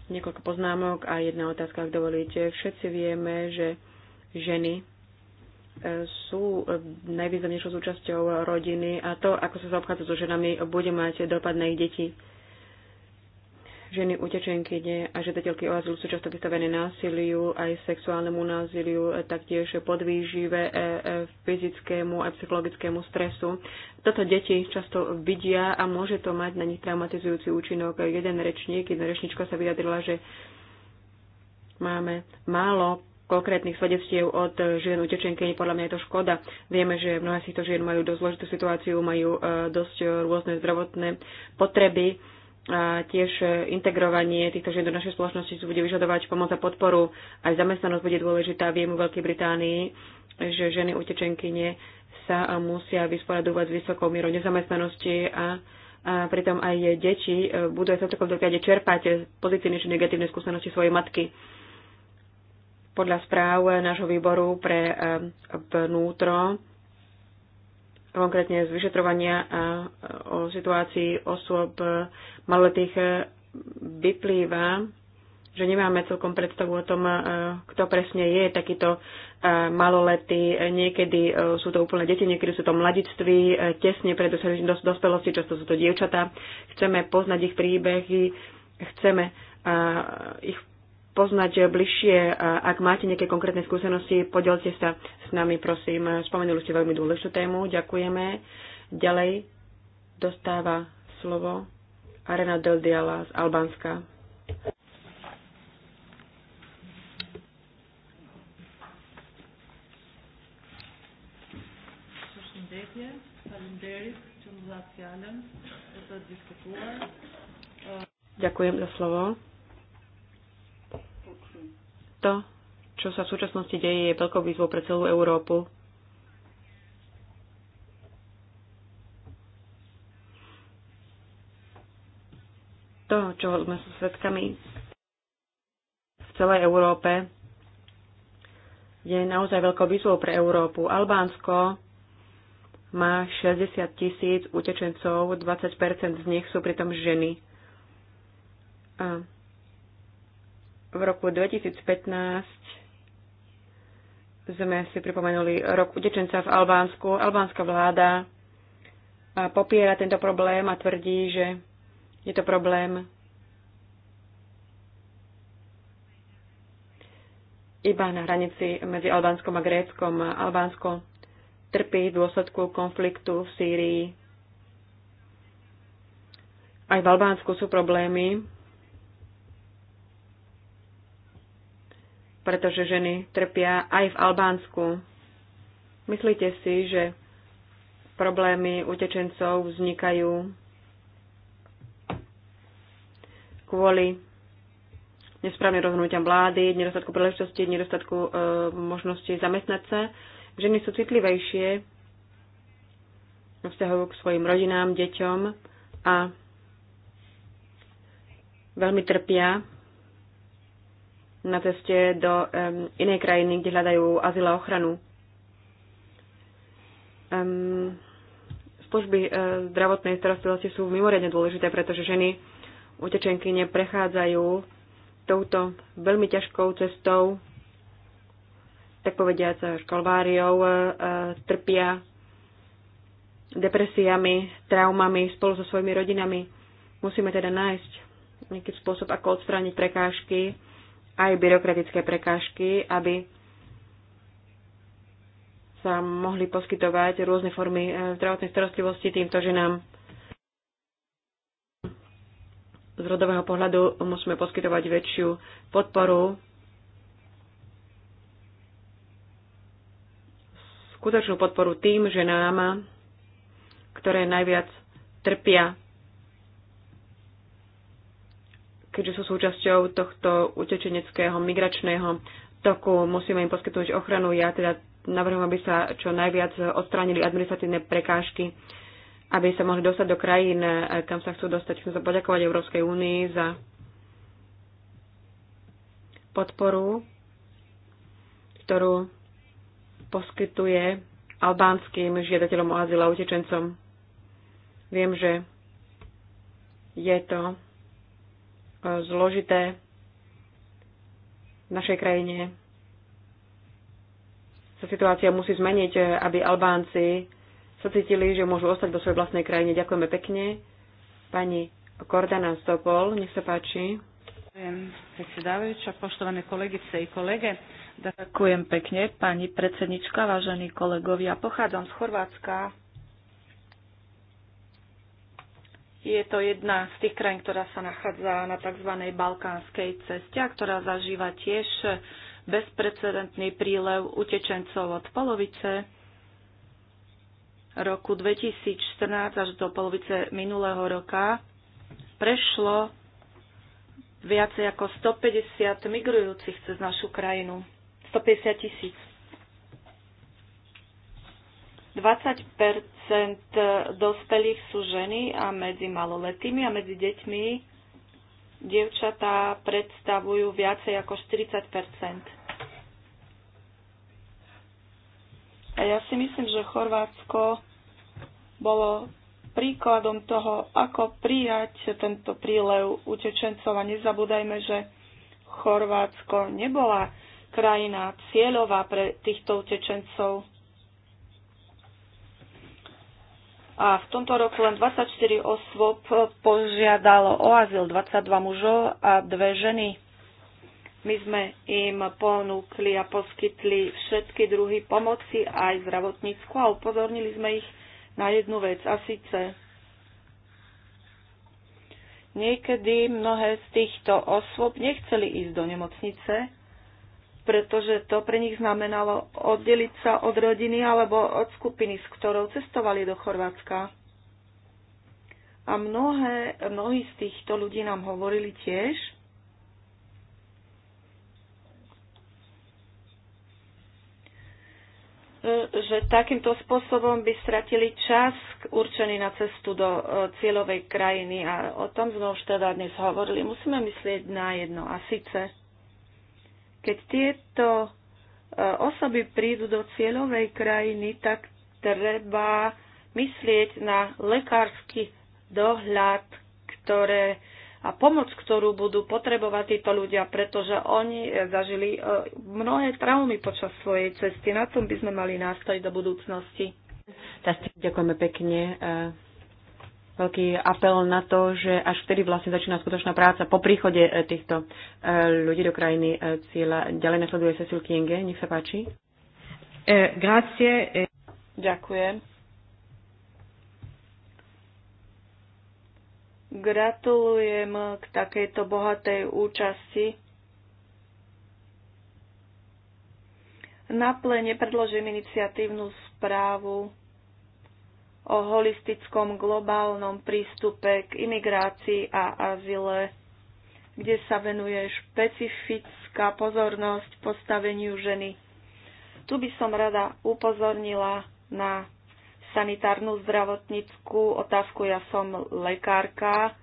B: Niekoľko poznámok a jedna otázka, ak dovolíte. Všetci vieme, že ženy e, sú najvýznamnejšou súčasťou rodiny a to, ako sa zaobchádza so ženami, bude mať dopad na ich deti ženy utečenky a žiadateľky o azyl sú často vystavené násiliu, aj sexuálnemu násiliu, e, taktiež podvýžive, e, e, fyzickému a psychologickému stresu. Toto deti často vidia a môže to mať na nich traumatizujúci účinok. Jeden rečník, jedna rečníčka sa vyjadrila, že máme málo konkrétnych svedectiev od žien utečenky, podľa mňa je to škoda. Vieme, že mnohé z týchto žien majú dosť zložitú situáciu, majú dosť rôzne zdravotné potreby a tiež e, integrovanie týchto žien do našej spoločnosti si bude vyžadovať pomoc a podporu. Aj zamestnanosť bude dôležitá. Viem v Veľkej Británii, že ženy utečenkyne sa e, musia vysporadovať s vysokou mierou nezamestnanosti a, a pritom aj deti e, budú aj sa v takom doklade čerpať pozitívne či negatívne skúsenosti svojej matky. Podľa správ nášho výboru pre vnútro konkrétne z vyšetrovania e, o situácii osôb maloletých e, vyplýva, že nemáme celkom predstavu o tom, e, kto presne je takýto maloletý. Niekedy sú to úplne deti, niekedy sú to mladiství, tesne pred dospelosti, často sú to dievčatá. Chceme poznať ich príbehy, chceme ich poznať bližšie. Ak máte nejaké konkrétne skúsenosti, podelte sa s nami, prosím. Spomenuli ste veľmi dôležitú tému. Ďakujeme. Ďalej dostáva slovo Arena Del Diala z Albánska. Ďakujem za slovo. To, čo sa v súčasnosti deje, je veľkou výzvou pre celú Európu. To, čo sme svedkami v celej Európe, je naozaj veľkou výzvou pre Európu. Albánsko má 60 tisíc utečencov, 20 z nich sú pritom ženy. A v roku 2015 sme si pripomenuli rok utečenca v Albánsku. Albánska vláda popiera tento problém a tvrdí, že je to problém iba na hranici medzi Albánskom a Gréckom. Albánsko trpí v dôsledku konfliktu v Sýrii. Aj v Albánsku sú problémy pretože ženy trpia aj v Albánsku. Myslíte si, že problémy utečencov vznikajú kvôli nesprávnym rozhodnutiam vlády, nedostatku príležitosti, nedostatku e, možnosti zamestnať sa. Ženy sú citlivejšie vzťahujú k svojim rodinám, deťom a veľmi trpia na ceste do um, inej krajiny, kde hľadajú azyl a ochranu. Um, služby uh, zdravotnej starostlivosti sú mimoriadne dôležité, pretože ženy utečenky neprechádzajú touto veľmi ťažkou cestou, tak povediať e, školváriou, uh, trpia depresiami, traumami spolu so svojimi rodinami. Musíme teda nájsť nejaký spôsob, ako odstrániť prekážky aj byrokratické prekážky, aby sa mohli poskytovať rôzne formy eh, zdravotnej starostlivosti týmto ženám. Z rodového pohľadu musíme poskytovať väčšiu podporu skutočnú podporu tým ženám, ktoré najviac trpia keďže sú súčasťou tohto utečeneckého migračného toku, musíme im poskytnúť ochranu. Ja teda navrhujem, aby sa čo najviac odstránili administratívne prekážky, aby sa mohli dostať do krajín, kam sa chcú dostať. Chcem sa poďakovať Európskej únii za podporu, ktorú poskytuje albánskym žiadateľom o azyl a utečencom. Viem, že je to zložité v našej krajine. Sa situácia musí zmeniť, aby Albánci sa cítili, že môžu ostať do svojej vlastnej krajine. Ďakujeme pekne. Pani Kordana Stopol, nech sa páči.
A: Predsedávajúča, poštované kolegice i kolege. Ďakujem pekne, pani predsednička, vážení kolegovia. Pochádzam z Chorvátska, Je to jedna z tých krajín, ktorá sa nachádza na tzv. balkánskej ceste a ktorá zažíva tiež bezprecedentný prílev utečencov od polovice roku 2014 až do polovice minulého roka. Prešlo viacej ako 150 migrujúcich cez našu krajinu. 150 tisíc. 20 dospelých sú ženy a medzi maloletými a medzi deťmi dievčatá predstavujú viacej ako 40 A ja si myslím, že Chorvátsko bolo príkladom toho, ako prijať tento prílev utečencov. A nezabúdajme, že Chorvátsko nebola krajina cieľová pre týchto utečencov. a v tomto roku len 24 osôb požiadalo o azyl, 22 mužov a dve ženy. My sme im ponúkli a poskytli všetky druhy pomoci aj zdravotnícku a upozornili sme ich na jednu vec a síce niekedy mnohé z týchto osôb nechceli ísť do nemocnice, pretože to pre nich znamenalo oddeliť sa od rodiny alebo od skupiny, s ktorou cestovali do Chorvátska. A mnohé, mnohí z týchto ľudí nám hovorili tiež, že takýmto spôsobom by stratili čas určený na cestu do e, cieľovej krajiny. A o tom sme už teda dnes hovorili. Musíme myslieť na jedno. A síce keď tieto e, osoby prídu do cieľovej krajiny, tak treba myslieť na lekársky dohľad ktoré, a pomoc, ktorú budú potrebovať títo ľudia, pretože oni e, zažili e, mnohé traumy počas svojej cesty. Na tom by sme mali nástať do budúcnosti.
B: Ďakujeme pekne veľký apel na to, že až vtedy vlastne začína skutočná práca po príchode e, týchto e, ľudí do krajiny e, cieľa. Ďalej nasleduje Cecil Kienge, nech sa páči. grazie.
A: Ďakujem. Gratulujem k takejto bohatej účasti. Na plene predložím iniciatívnu správu o holistickom globálnom prístupe k imigrácii a azile, kde sa venuje špecifická pozornosť postaveniu ženy. Tu by som rada upozornila na sanitárnu zdravotníckú otázku. Ja som lekárka,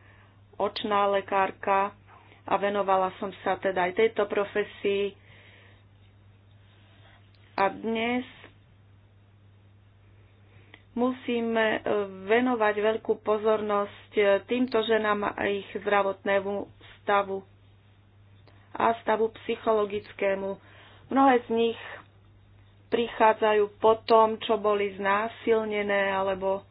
A: očná lekárka a venovala som sa teda aj tejto profesii. A dnes musíme e, venovať veľkú pozornosť e, týmto ženám a ich zdravotnému stavu a stavu psychologickému. Mnohé z nich prichádzajú po tom, čo boli znásilnené alebo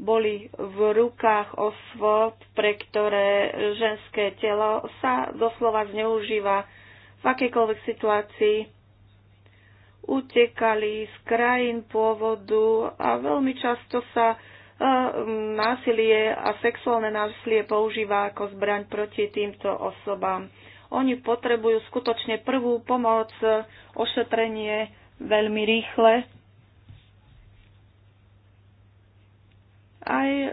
A: boli v rukách osôb, pre ktoré ženské telo sa doslova zneužíva v akejkoľvek situácii utekali z krajín pôvodu a veľmi často sa e, násilie a sexuálne násilie používa ako zbraň proti týmto osobám. Oni potrebujú skutočne prvú pomoc, ošetrenie veľmi rýchle. Aj e,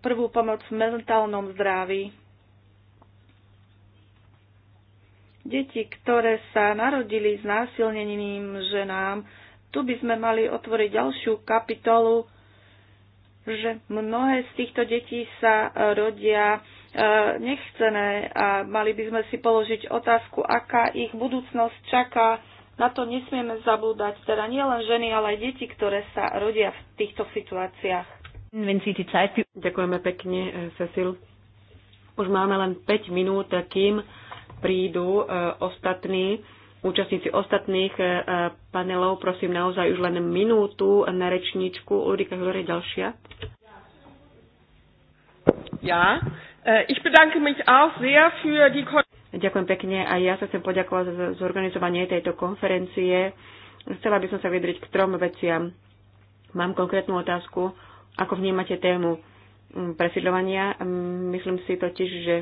A: prvú pomoc v mentálnom zdraví. Deti, ktoré sa narodili s násilneným ženám, tu by sme mali otvoriť ďalšiu kapitolu, že mnohé z týchto detí sa rodia e, nechcené a mali by sme si položiť otázku, aká ich budúcnosť čaká. Na to nesmieme zabúdať, teda nie len ženy, ale aj deti, ktoré sa rodia v týchto situáciách.
B: Ďakujeme pekne, Cecil. Už máme len 5 minút, kým prídu e, ostatní účastníci ostatných e, panelov. Prosím naozaj už len minútu na rečníčku. Ulrika Hilary, ďalšia. Ja, äh, ich bedanke mich
A: auch sehr für die
B: Ďakujem pekne a ja sa chcem poďakovať za zorganizovanie tejto konferencie. Chcela by som sa vyjadriť k trom veciam. Mám konkrétnu otázku, ako vnímate tému mm, presídľovania. Mm, myslím si totiž, že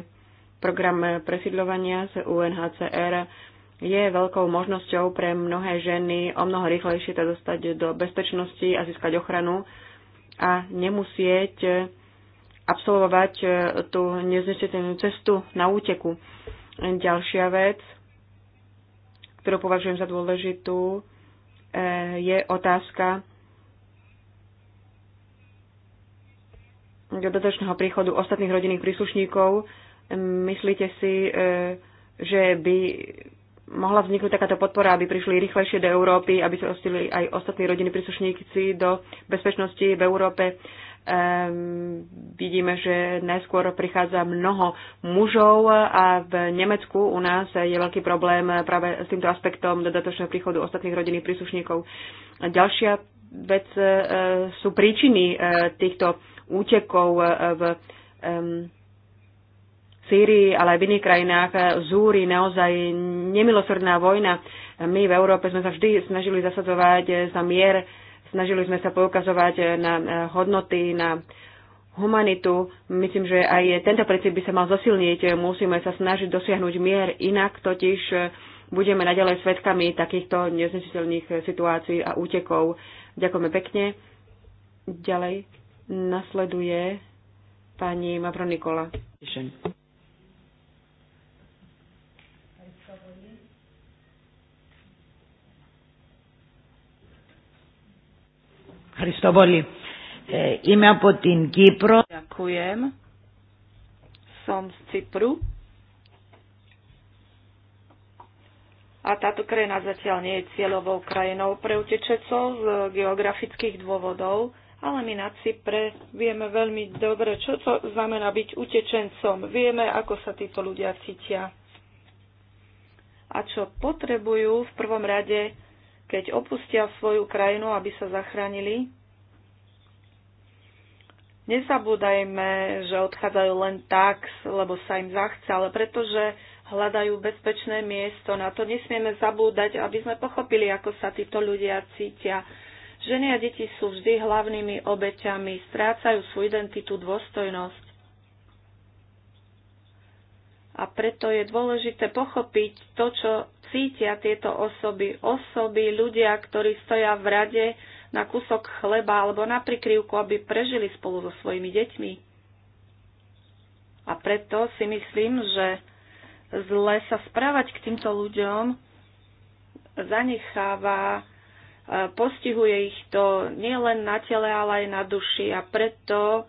B: Program presídľovania z UNHCR je veľkou možnosťou pre mnohé ženy o mnoho rýchlejšie sa dostať do bezpečnosti a získať ochranu a nemusieť absolvovať e, tú neznečiteľnú cestu na úteku. Ďalšia vec, ktorú považujem za dôležitú, e, je otázka dodatočného príchodu ostatných rodinných príslušníkov Myslíte si, e, že by mohla vzniknúť takáto podpora, aby prišli rýchlejšie do Európy, aby sa ostili aj ostatní rodiny príslušníci do bezpečnosti v Európe. Um, vidíme, že najskôr prichádza mnoho mužov a v Nemecku u nás je veľký problém práve s týmto aspektom dodatočného príchodu ostatných rodinných príslušníkov. A ďalšia vec e, sú príčiny e, týchto útekov e, v um, Sýrii, ale aj v iných krajinách zúri naozaj nemilosrdná vojna. My v Európe sme sa vždy snažili zasadzovať za mier, snažili sme sa poukazovať na eh, hodnoty, na humanitu. Myslím, že aj tento princíp by sa mal zosilniť. Musíme sa snažiť dosiahnuť mier, inak totiž eh, budeme naďalej svetkami takýchto neznesiteľných situácií a útekov. Ďakujeme pekne. Ďalej nasleduje pani Mavronikola.
A: Ευχαριστώ Ε, είμαι από την Κύπρο. Ďakujem. Som z Cypru. A táto krajina zatiaľ nie je cieľovou krajinou pre utečecov z geografických dôvodov, ale my na Cypre vieme veľmi dobre, čo to znamená byť utečencom. Vieme, ako sa títo ľudia cítia. A čo potrebujú v prvom rade keď opustia svoju krajinu, aby sa zachránili. Nezabúdajme, že odchádzajú len tak, lebo sa im zachce, ale pretože hľadajú bezpečné miesto. Na to nesmieme zabúdať, aby sme pochopili, ako sa títo ľudia cítia. Ženy a deti sú vždy hlavnými obeťami, strácajú svoju identitu, dôstojnosť. A preto je dôležité pochopiť to, čo cítia tieto osoby. Osoby, ľudia, ktorí stoja v rade na kúsok chleba alebo na prikryvku, aby prežili spolu so svojimi deťmi. A preto si myslím, že zle sa správať k týmto ľuďom zanecháva, e, postihuje ich to nielen na tele, ale aj na duši. A preto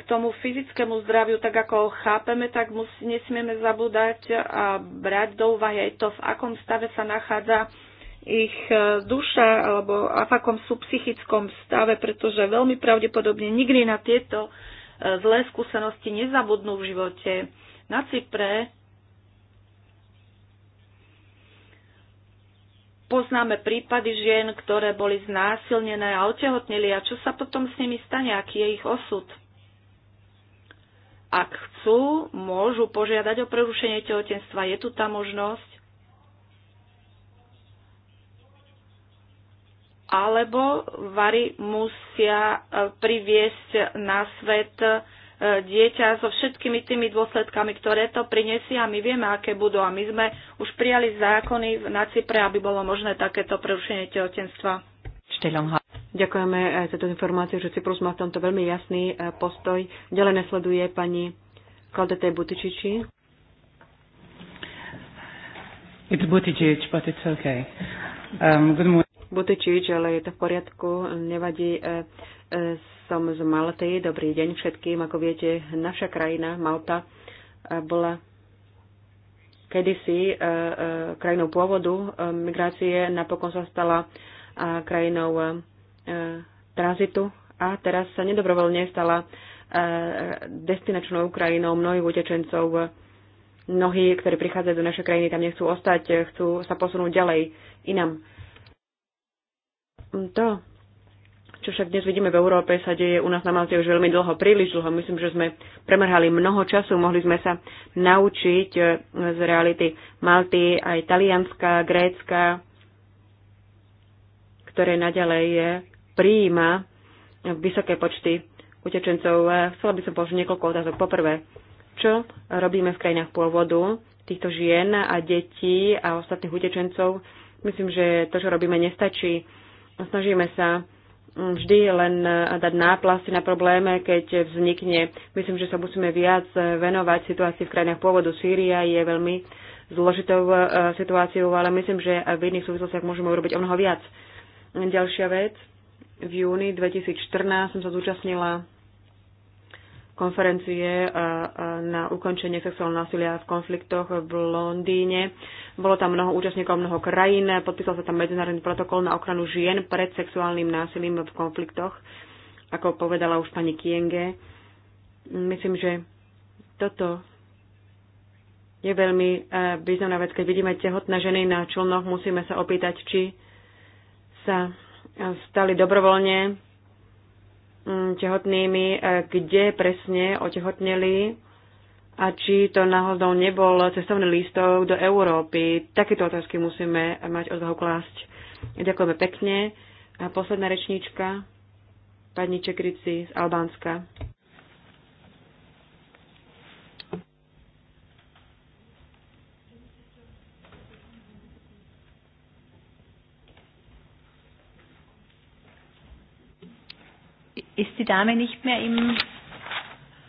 A: k tomu fyzickému zdraviu, tak ako ho chápeme, tak mus, nesmieme zabúdať a brať do úvahy aj to, v akom stave sa nachádza ich e, duša alebo a v akom sú psychickom stave, pretože veľmi pravdepodobne nikdy na tieto e, zlé skúsenosti nezabudnú v živote. Na Cypre poznáme prípady žien, ktoré boli znásilnené a otehotnili a čo sa potom s nimi stane, aký je ich osud. Ak chcú, môžu požiadať o prerušenie tehotenstva. Je tu tá možnosť? Alebo vary musia e, priviesť na svet e, dieťa so všetkými tými dôsledkami, ktoré to prinesie a my vieme, aké budú. A my sme už prijali zákony na Cypre, aby bolo možné takéto prerušenie tehotenstva.
B: Ďakujeme aj za tú informáciu, že Cyprus má v tomto veľmi jasný e, postoj. Ďalej nesleduje pani Kaldete Butičiči. It's Butičič, but it's okay. Um, good morning. Butičič, ale je to v poriadku, nevadí. E, e, som z Malty, dobrý deň všetkým. Ako viete, naša krajina, Malta, bola kedysi krajinou pôvodu migrácie, napokon sa stala krajinou E, tranzitu a teraz sa nedobrovoľne stala e, destinačnou krajinou mnohých utečencov. Mnohí, ktorí prichádzajú do našej krajiny, tam nechcú ostať, e, chcú sa posunúť ďalej inam. To, čo však dnes vidíme v Európe, sa deje u nás na Malte už veľmi dlho, príliš dlho. Myslím, že sme premrhali mnoho času, mohli sme sa naučiť z reality Malty, aj Talianska, Grécka, ktoré naďalej prijíma vysoké počty utečencov. Chcela by som položiť niekoľko otázok. Poprvé, čo robíme v krajinách pôvodu týchto žien a detí a ostatných utečencov? Myslím, že to, čo robíme, nestačí. Snažíme sa mm, vždy len e, dať náplasy na probléme, keď vznikne. Myslím, že sa musíme viac venovať situácii v krajinách pôvodu. Sýria je veľmi zložitou e, situáciou, ale myslím, že v iných súvislostiach môžeme urobiť o mnoho viac. Ďalšia vec. V júni 2014 som sa zúčastnila konferencie e, e, na ukončenie sexuálneho násilia v konfliktoch v Londýne. Bolo tam mnoho účastníkov, mnoho krajín. Podpísal sa tam medzinárodný protokol na ochranu žien pred sexuálnym násilím v konfliktoch, ako povedala už pani Kienge. Myslím, že toto je veľmi e, významná vec. Keď vidíme tehotné ženy na člnoch, musíme sa opýtať, či sa stali dobrovoľne mm, tehotnými, e, kde presne otehotneli a či to náhodou nebol cestovný lístok do Európy. Takéto otázky musíme mať odvahu klásť. Ďakujeme pekne. A posledná rečníčka, pani Čekrici z Albánska.
A: Ist die Dame nicht mehr im,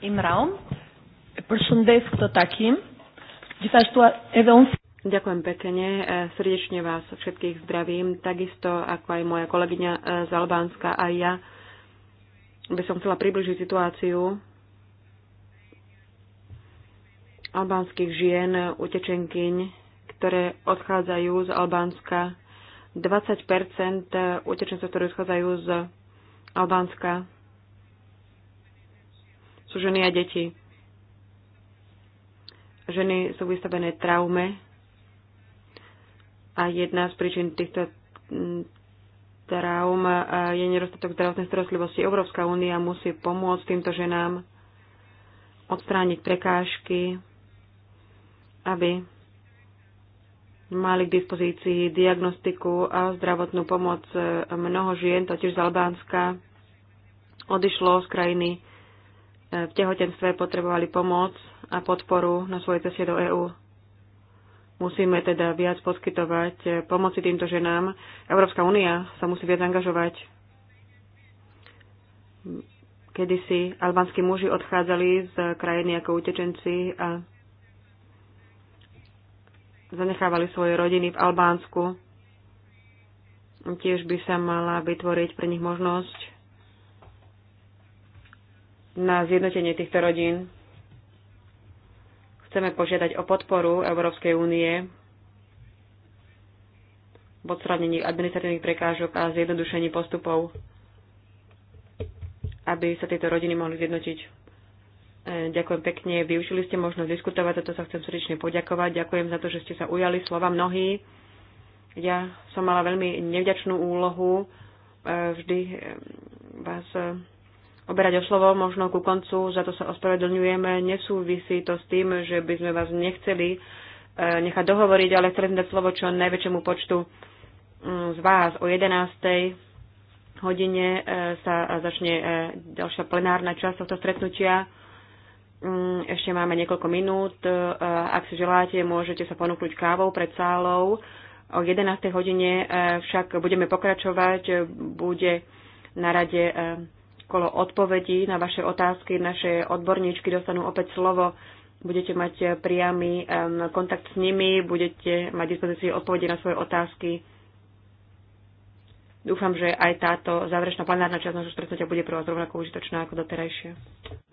A: im Raum?
B: Ďakujem pekne, e, srdečne vás všetkých zdravím, takisto ako aj moja kolegyňa e, z Albánska a ja by som chcela približiť situáciu albánskych žien, utečenkyň, ktoré odchádzajú z Albánska. 20 utečencov, ktorí odchádzajú z Albánska, sú ženy a deti. Ženy sú vystavené traume a jedna z príčin týchto mm, traum e, je nedostatok zdravotnej starostlivosti. Európska únia musí pomôcť týmto ženám odstrániť prekážky, aby mali k dispozícii diagnostiku a zdravotnú pomoc. E, mnoho žien, totiž z Albánska, odišlo z krajiny v tehotenstve potrebovali pomoc a podporu na svojej ceste do EÚ. Musíme teda viac poskytovať eh, pomoci týmto ženám. Európska únia sa musí viac angažovať. Kedysi albanskí muži odchádzali z krajiny ako utečenci a zanechávali svoje rodiny v Albánsku. Tiež by sa mala vytvoriť pre nich možnosť na zjednotenie týchto rodín. Chceme požiadať o podporu Európskej únie v odstranení administratívnych prekážok a zjednodušení postupov, aby sa tieto rodiny mohli zjednotiť. E, ďakujem pekne, využili ste možnosť diskutovať, toto sa chcem srdečne poďakovať. Ďakujem za to, že ste sa ujali slova mnohí. Ja som mala veľmi nevďačnú úlohu e, vždy e, vás oberať o slovo, možno ku koncu, za to sa ospravedlňujeme. Nesúvisí to s tým, že by sme vás nechceli e, nechať dohovoriť, ale chceli sme dať slovo čo najväčšiemu počtu mm, z vás. O 11. hodine e, sa začne e, ďalšia plenárna časť tohto stretnutia. Mm, ešte máme niekoľko minút. Ak si želáte, môžete sa ponúknuť kávou pred sálou. O 11. hodine však budeme pokračovať. Bude na rade kolo odpovedí na vaše otázky. Naše odborníčky dostanú opäť slovo. Budete mať eh, priamy kontakt s nimi, budete mať dispozícii odpovede na svoje otázky. Dúfam, že aj táto záverečná plenárna časť nášho stretnutia bude pre vás rovnako užitočná ako doterajšia.